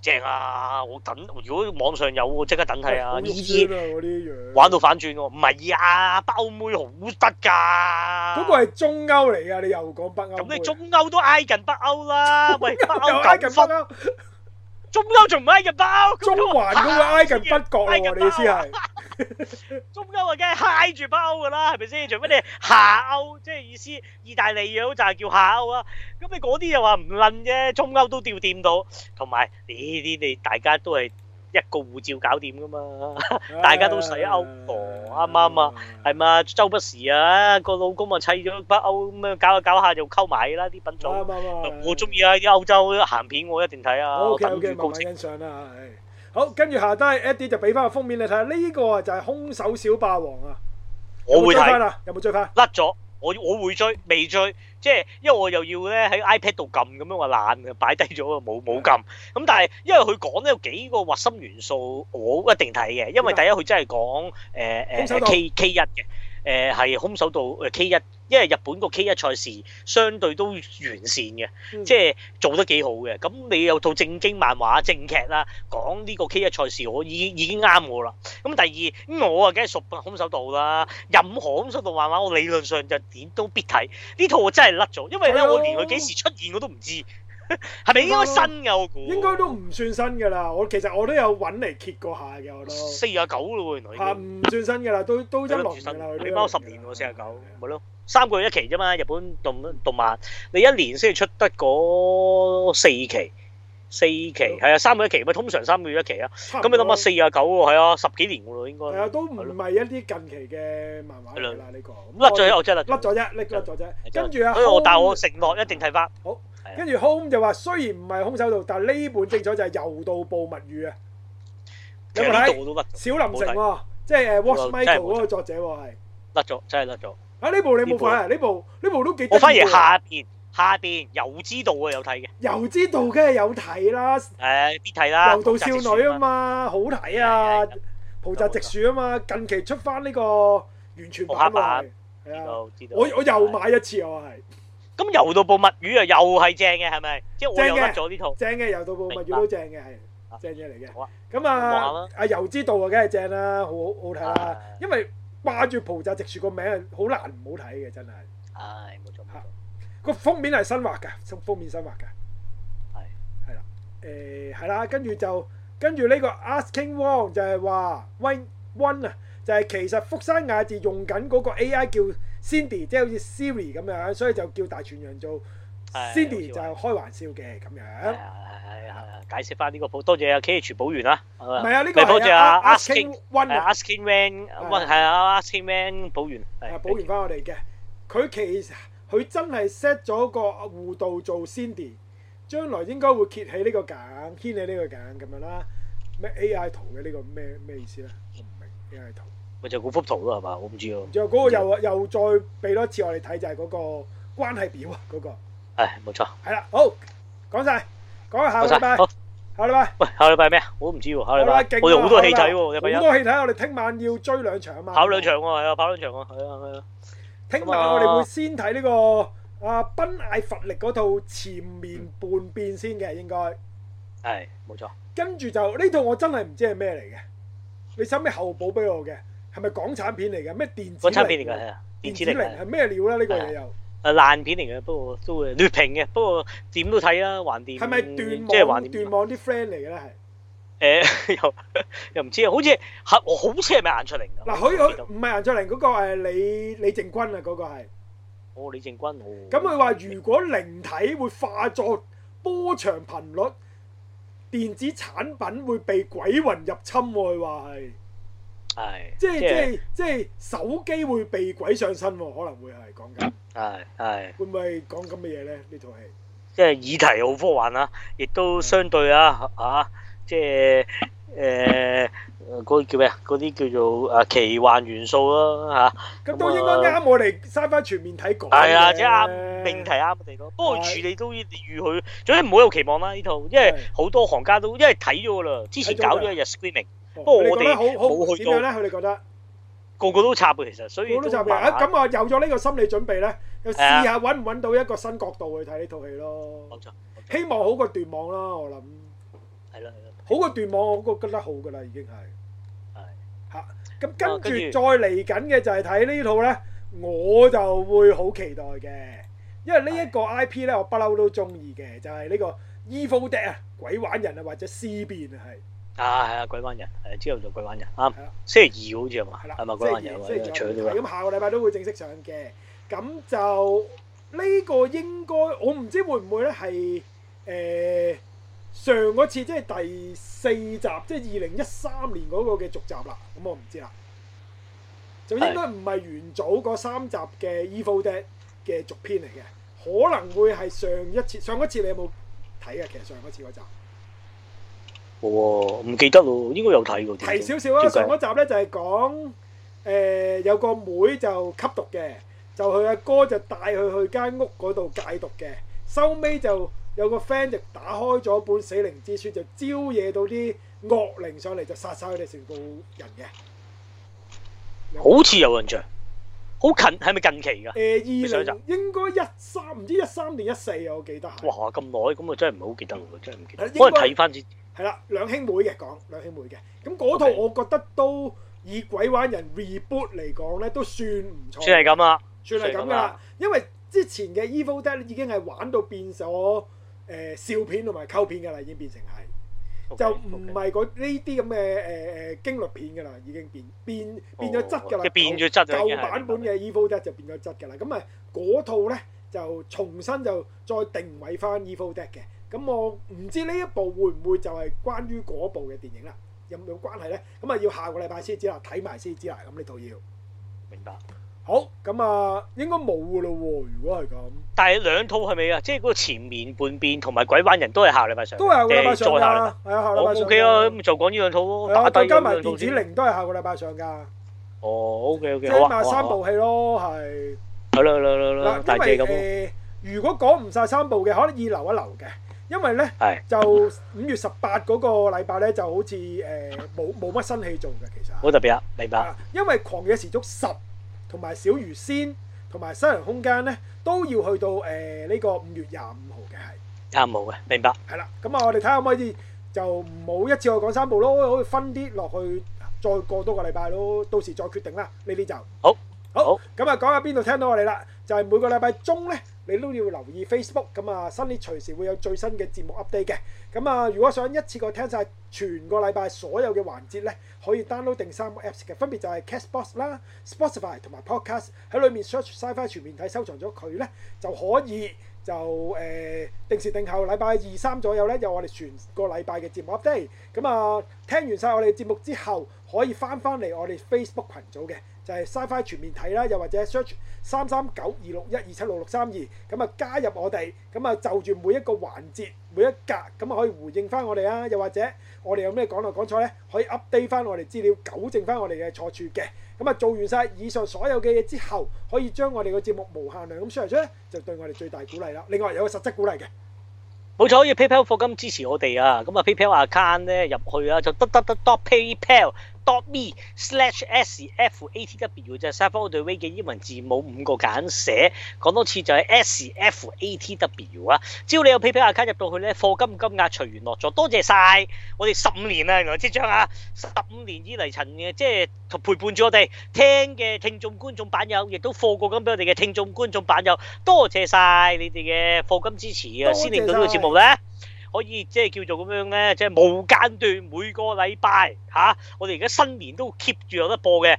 正啊！我等，如果網上有即刻等睇、欸、啊！呢啲玩到反轉喎、啊，唔係啊，北歐妹好得㗎。嗰個係中歐嚟㗎，你又講北歐？咁你中歐都挨近北歐啦，喂， 北歐挨近北歐。 中歐仲唔挨緊北歐，中環都會挨緊北角喎。意思，係中歐啊，梗係嗨住北歐噶啦，係咪先？除非你下歐？即係意思意大利嘢就係叫下歐啊？咁你嗰啲又話唔嫩啫，中歐都吊掂到，同埋呢啲你，你，你大家都係。一個護照搞掂噶嘛？大家都使歐羅啱唔啱啊？係嘛？周不時啊，個老公啊砌咗北歐咁樣搞下搞下就溝埋啦啲品種。啱唔啱啊？我中意啊，啲歐洲鹹片我一定睇啊。好嘅，好嘅，我好欣賞啦。係好，跟住下低 Eddie 就俾翻個封面你睇下呢個啊，就係《兇手小霸王》啊。我會追翻啦，有冇追翻？甩咗我，我會追，未追。即係因為我又要咧喺 iPad 度撳咁樣，我爛擺低咗，冇冇撳咁。但係因為佢講咧有幾個核心元素，我一定睇嘅。因為第一，佢真係講誒誒 K K 一嘅。誒係空手道誒 K 一，因為日本個 K 一賽事相對都完善嘅，嗯、即係做得幾好嘅。咁你有套正經漫畫、正劇啦、啊，講呢個 K 一賽事，我已已經啱我啦。咁第二，我啊梗係熟空手道啦。任何空手道漫畫，我理論上就點都必睇。呢套我真係甩咗，因為咧，我連佢幾時出現我都唔知。係咪應該新嘅？我估應該都唔算新噶啦。我其實我都有搵嚟揭過下嘅。我都四十九咯，原來吓唔算新噶啦，都都唔算新。你包十年喎，四十九，咪咯，三個月一期啫嘛。日本動動漫，你一年先至出得嗰四期，四期係啊，三個月一期咪通常三個月一期啊。咁你諗下四十九喎，係啊，十幾年噶咯，應該係啊，都唔係一啲近期嘅漫畫嚟啦呢個。甩咗啫，我真係甩咗啫。甩咗啫，你甩咗啫。跟住啊，但係我承諾一定睇返。好。跟住 Home 就話，雖然唔係空手道，但呢本正彩就係柔道部物語啊！有冇睇？小林城喎，即係誒，What's Michael 嗰個作者喎係。甩咗真係甩咗。啊呢部你冇睇啊？呢部呢部都幾好。我反而下邊下邊柔之道啊有睇嘅。柔之道梗係有睇啦。誒，必睇啦！柔道少女啊嘛，好睇啊！浦澤直樹啊嘛，近期出翻呢個完全版。知道我我又買一次我係。咁遊到布物魚啊，是是，又係正嘅，係咪？正嘅，正嘅遊到布物魚都正嘅，係白正嘢嚟嘅。好啊。咁、嗯、啊，阿遊之道啊，梗係正啦，啊，好好睇啦，啊。的因為霸住菩提直樹個名，好難唔好睇嘅，真係。係冇錯冇錯，啊那個封面係新畫嘅，封面新畫嘅。係係啦。誒係啦，跟住就跟住呢個 asking w one, one 就係話 one 啊，就係其實福山雅治用緊嗰個 AI 叫 Cindy 即係好似 Siri 咁樣，所以就叫大傳揚做 Cindy 就開玩笑嘅咁樣。係係係，解釋翻呢個保，多謝阿 K H 補完啦。唔係啊，呢個係阿阿 King，One 係阿 King Man 係啊，阿 King Man 補完，係補完翻我哋嘅。佢其實佢真係 set 咗個互道做 Cindy，將來應該會揭起呢個梗，掀起呢個梗咁樣啦。咩 AI 圖嘅呢個咩咩意思咧？我唔明 AI 圖。咪就嗰幅圖咯係嘛，我唔知啊。唔知嗰個又又再俾多次我哋睇就係嗰個關係表啊，嗰個係冇錯。係啦，好講晒，講下下禮拜。下禮拜。喂，下禮拜咩啊？我都唔知喎。下禮拜我哋好多戲睇喎，下禮拜好多戲睇。我哋聽晚要追兩場啊嘛，跑兩場啊，係啊，跑兩場啊，係啊係啊。聽晚我哋會先睇呢個啊，賓艾佛力嗰套《前面半變》先嘅，應該係冇錯。跟住就呢套我真係唔知係咩嚟嘅，你使咩後補俾我嘅？係咪港產片嚟嘅？咩電子靈？港產片嚟㗎，係啊，電子靈㗎。係咩料咧？呢個嘢又？誒爛片嚟嘅，不過都會劣評嘅。不過點都睇啦，玩啲即係玩斷網啲 friend 嚟嘅啦，係。誒又又唔知啊，好似係，好似係咪顏卓靈㗎。嗱，佢唔係顏卓靈嗰個誒李李靖君啊，嗰、嗰個係。哦，李正君。咁佢話：如果靈體會化作波長頻率，電子產品會被鬼魂入侵，佢話係。係，即係即係即係手機會被鬼上身，可能會係講緊。係，係會唔會講咁嘅嘢咧？呢套戲即係議題好科幻啦、啊，亦都相對啊啊，即係誒嗰啲叫咩、那個那個、啊？嗰啲叫做啊奇幻元素咯、啊、吓。咁、啊、都應該啱我哋 SciFi 全面睇過、嗯。係啊，啊，即係啱命題啱我哋咯，不過處理都預佢，總之唔好有期望啦呢套，因為好多行家都因為睇咗噶啦，之前搞咗一日 screening、啊。不過你覺得好好點樣咧？佢哋覺得個個都插嘅，其實所以都插咁啊，有咗呢個心理準備咧，就試下搵唔搵到一個新角度去睇呢套戲咯。冇錯，希望好過斷網啦，我諗係咯係咯，好過斷網，我覺覺得好噶啦，已經係係吓咁，跟住再嚟緊嘅就係睇呢套咧，我就會好期待嘅，因為呢一個 IP 咧，我不嬲都中意嘅，就係呢個 Evil Dead 啊，鬼玩人啊，或者屍變啊，係。啊，係啊，鬼玩人，誒之後做鬼玩人，啱了。星期二好似係嘛？係咪了的鬼玩人？咁下個禮拜都會正式上嘅，咁就呢個應該我唔知會唔會咧係誒上嗰次即係第四集，即係二零一三年嗰個嘅續集啦。咁我唔知啦，就應該唔係元祖嗰三集嘅 Evil Dead 嘅續篇嚟嘅，可能會係上一次上嗰次你有冇睇啊？其實上嗰次嗰集。哇！唔記得咯，應該有睇過嘅。提少少啊，上嗰集咧就係講誒有個妹就吸毒嘅，就佢阿哥就帶佢去間屋嗰度戒毒嘅。收尾就有個 friend 就打開咗本《死靈之書》，就招惹到啲惡靈上嚟，就殺曬佢哋成部人嘅。好似有印象，好近係咪近期㗎？誒二零集應該一三唔知一三年一四啊，我記得。哇！咁耐咁啊，真係唔係好記得咯，真係唔記得。可以睇翻次。係啦，兩兄妹嘅，講兩兄妹嘅。咁嗰套我覺得都以鬼玩人 reboot 嚟講咧，都算唔錯。算係咁啊，算係咁噶啦。因為之前嘅 Evil Dead 已經係玩到變咗誒笑片同埋溝片噶啦，已經變成係就唔係嗰呢啲咁嘅誒誒驚慄片噶啦，已經變變變咗質噶啦。佢變咗質，舊版本嘅 Evil Dead 就變咗質噶啦。咁啊，嗰套咧就重新就再定位返 Evil Dead 嘅。咁我唔知呢一部會唔會就係關於嗰部嘅電影啦，有冇關係咧？咁啊要下個禮拜先知啦，睇埋先知啦。咁呢套要明白。好，咁啊應該冇噶咯喎。如果係咁，但係兩套係咪啊？即係嗰個《前面半邊》同埋《鬼玩人》都係下個禮拜上，都係下個禮拜上噶。係啊，下個禮拜上。O K 啊，咁就講呢兩套咯。啊，加埋電子鈴都係下個禮拜上噶。哦，O K O K，哇，三部戲咯係。好啦好啦好啦，大謝咁。如果講唔晒三部嘅，可以留一留嘅。因為咧，對就五月十八嗰個禮拜咧，就好似誒冇冇乜新戲做嘅，其實好特別啊！明白。因為狂野時速十同埋小魚仙同埋新人空間咧，都要去到誒呢、呃這個五月廿五號嘅係。啱，冇嘅，明白。係啦，咁我哋睇下可唔可以就唔好一次我講三部咯，可以分啲落去，再過多個禮拜咯，到時再決定啦。呢啲就好好。咁啊好，講好下邊度聽到我哋啦，就係、是、每個禮拜中咧。你都要留意 Facebook 咁啊，新嘅隨時會有最新嘅節目 update 嘅。咁啊，如果想一次過聽晒全個禮拜所有嘅環節咧，可以 download 定三個 apps 嘅，分別就係 Castbox 啦、Spotify 同埋 Podcast 喺裏面 search SciFi 全面睇收藏咗佢咧就可以。就誒、呃，定時定候，禮拜二三左右咧，有我哋全個禮拜嘅節目 update、嗯。咁啊，聽完晒我哋節目之後，可以翻翻嚟我哋 Facebook 羣組嘅，就係 SciFi 全面睇啦，又或者 search 三三九二六一二七六六三二，咁啊、嗯嗯、加入我哋，咁、嗯、啊、嗯、就住每一個環節。每一格咁可以回應翻我哋啊，又或者我哋有咩講嚟講錯咧，可以 update 翻我哋資料，糾正翻我哋嘅錯處嘅。咁啊，做完晒以上所有嘅嘢之後，可以將我哋嘅節目無限量咁 share 出咧，就對我哋最大鼓勵啦。另外有個實質鼓勵嘅，冇錯，要 PayPal 貨金支持我哋啊。咁啊，PayPal account 咧入去啊，就得得得得 PayPal。叮叮叮叮叮叮叮叮 dot me slash s f a t w 就係 SciFi All The Way 嘅英文字母五個簡寫，講多次就係 s f a t w 啊！只要你有 PayPal 賬卡入到去咧，課金金額隨緣落咗，多謝曬！我哋十五年啊，原來即將啊，十五年以嚟曾經嘅即係陪伴住我哋聽嘅聽眾觀眾版友，亦都課過咁俾我哋嘅聽眾觀眾版友，多謝曬你哋嘅課金支持啊，先嚟到呢個節目咧。可以即係叫做咁樣咧，即係無間斷每個禮拜嚇，我哋而家新年都 keep 住有得播嘅，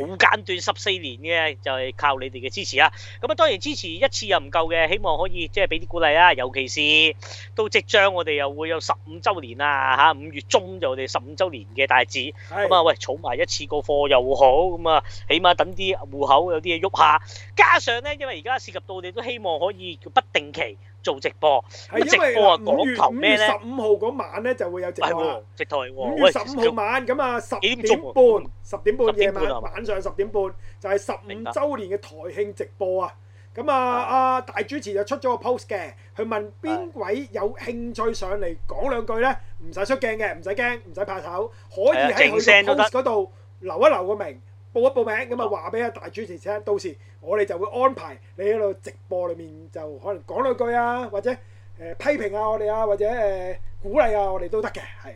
無間斷十四年嘅就係靠你哋嘅支持啊！咁啊當然支持一次又唔夠嘅，希望可以即係俾啲鼓勵啦，尤其是都即將我哋又會有十五週年啊嚇，五月中就我哋十五週年嘅大節，咁啊喂，儲埋一次個貨又好，咁啊起碼等啲戶口有啲嘢喐下，加上咧因為而家涉及到我哋都希望可以叫不定期。做直播，係因為五月十五號嗰晚呢就會有直播，直五月十五號晚，咁啊十點半，十點半夜晚晚上十點半，半，就係十五週年嘅台慶直播啊。咁啊阿大主持就出咗個 post 嘅，佢問邊位有興趣上嚟講的兩句呢？唔使出鏡嘅，唔使驚，唔使怕醜，可以喺佢個 post 嗰度留一留個名。報一報名咁啊，話俾阿大主持聽，到時我哋就會安排你喺度直播裏面就可能講兩句啊，或者誒、呃、批評下、啊、我哋啊，或者誒、呃、鼓勵下、啊、我哋都得嘅，係。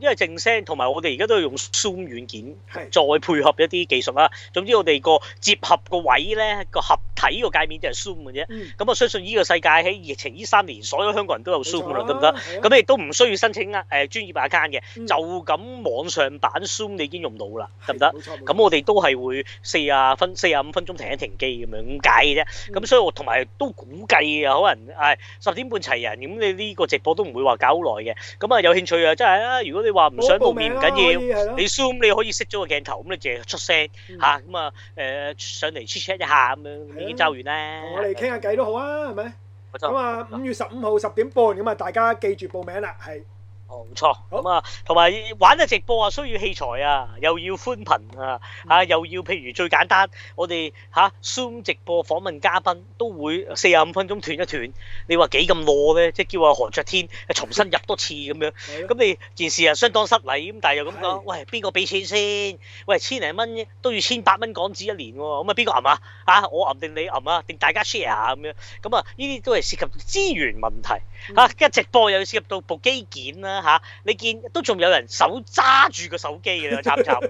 因為正聲同埋我哋而家都要用 Zoom 軟件，的再配合一啲技術啦。總之我哋個結合個位咧，個合體個界面就係 Zoom 嘅啫。咁、嗯、我相信呢個世界喺疫情呢三年，所有香港人都有 Zoom 啦、啊，得唔得？咁亦的都唔需要申請誒、呃、專業 account 嘅，嗯、就咁網上版 Zoom 你已經用到啦，得唔得？咁錯我哋都係會四啊分、四啊五分鐘停一停機咁樣，樣解嘅啫。咁、嗯、所以我同埋都估計啊，可能誒十點半齊人，咁你呢個直播都唔會話搞好耐嘅。咁啊，有興趣啊，真係啊～如果你話唔想露面，唔緊要，你 Zoom，你可以熄咗個鏡頭咁，你淨係出聲吓，咁、嗯、啊誒上嚟 check check 一下咁樣的已經夠完啦。我哋傾下偈都好啊，係咪？咁啊，五月十五號十點半咁啊，大家記住報名啦，係。冇、哦、錯，咁好、嗯、啊，同埋玩嘅直播啊，需要器材啊，又要寬頻啊，嚇、啊、又要譬如最簡單，我哋嚇、啊、Zoom 直播訪問嘉賓都會四十五分鐘斷一斷，你話幾咁攞咧？即係叫阿韓卓天重新入多次咁樣，咁對了、啊、你件事啊相當失禮咁，但係又咁講，對了 喂，邊個俾錢先？喂，千零蚊都要千八蚊港紙一年喎，咁啊邊個揞啊？我揞定你揞啊，定大家 share 咁樣、啊，咁啊呢啲都係涉及資源問題啊，跟住直播又要涉及到部機件啦、啊。啊嗯嚇、啊！你見都仲有人手揸住個手機嘅，你慘唔慘？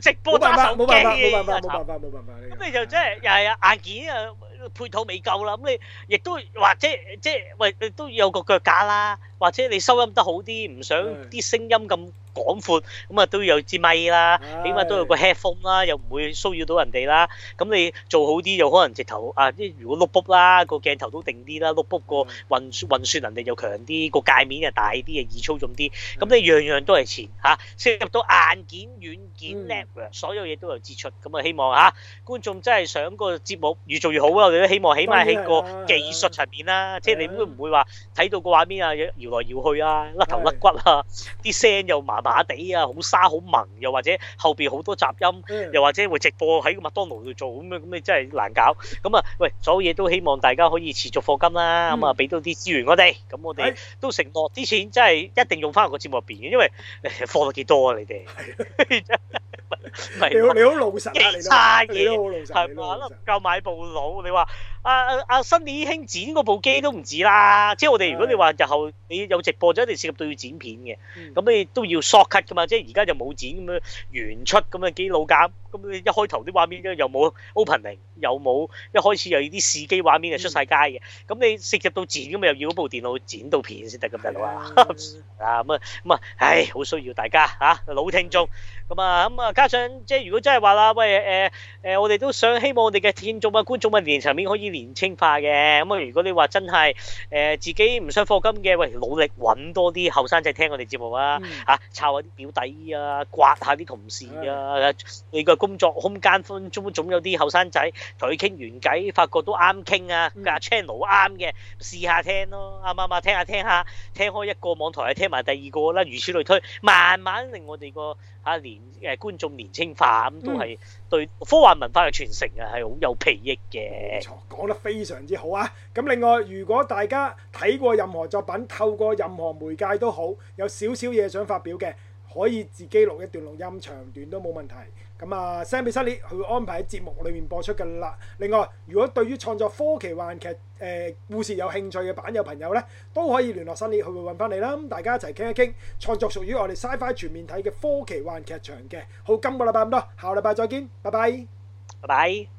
直播揸手機，冇辦法，冇辦法，啊，冇辦法。咁你就真係，又係硬件啊 配套未夠啦。咁你亦都或者即係、就是、喂，你都有個腳架啦，或者你收音得好啲，唔想啲聲音咁。廣闊咁啊，有都有支咪啦，起碼都有個 headphone 啦，又唔會騷擾到人哋啦。咁你做好啲，又可能直頭啊，即係如果碌 book 啦，個鏡頭都定啲啦，碌 book 個運運算能力又強啲，個界面又大啲，又易操縱啲。咁你樣樣都係錢吓，涉、啊、及到硬件、軟件、嗯、所有嘢都有支出。咁啊，希望吓，觀眾真係想個節目越做越好啊！我哋都希望起碼喺個技術層面啦，即係、啊、你都唔會話睇到個畫面啊搖來搖去脫脫啊，甩頭甩骨啊，啲聲又麻麻地啊，好沙好萌，又或者後邊好多雜音，嗯、又或者會直播喺麥當勞度做咁樣，咁你真係難搞。咁啊，喂，所有嘢都希望大家可以持續課金啦，咁啊、嗯，俾多啲資源我哋，咁我哋都承諾啲錢真係一定用翻個節目入邊，因為課咗幾多啊？你哋， 你 你都好老實啊，你都幾多嘢，係嘛、啊？夠買部腦，你話、啊？你說你啊啊！新年興剪嗰部機都唔止啦，即係我哋如果你話日後你有直播就一定涉及到要剪片嘅，咁你都要縮 cut 㗎嘛，即係而家就冇剪咁樣原出咁樣機腦夾，咁你一開頭啲畫面又冇 opening，又冇一開始又要啲試機畫面又出曬街嘅，咁你涉及到剪咁又要部電腦剪到片先得咁大佬啊，啊咁啊咁啊，唉，好需要大家嚇老聽眾，咁啊咁啊，加上即係如果真係話啦，喂誒誒，我哋都想希望我哋嘅聽眾啊、觀眾啊年層面可以。年青化嘅咁啊！如果你話真係誒自己唔想課金嘅，喂，努力揾多啲後生仔聽我哋節目啊嚇，摷下啲表弟啊，刮下啲同事啊，你個工作空間中總有啲後生仔同佢傾完偈，發覺都啱傾啊，嗱，channel 啱嘅，試下聽咯，啱唔啱？聽下聽下，聽開一個網台，聽埋第二個啦，如此類推，慢慢令我哋個。啊，年誒、呃、觀眾年輕化咁，都係對科幻文化嘅傳承啊，係好、嗯、有裨益嘅。講得非常之好啊！咁另外，如果大家睇過任何作品，透過任何媒介都好，有少少嘢想發表嘅，可以自己錄一段錄音，長短都冇問題。咁啊，send 俾 Sunny 佢會安排喺節目裏面播出嘅啦。另外，如果對於創作科奇幻劇誒故事有興趣嘅版友朋友咧，都可以聯絡 Sunny，佢會揾翻你啦。咁大家一齊傾一傾，創作屬於我哋 Sci-Fi 全面睇嘅科奇幻劇場嘅。好，今個禮拜咁多，下個禮拜再見，拜拜，拜拜。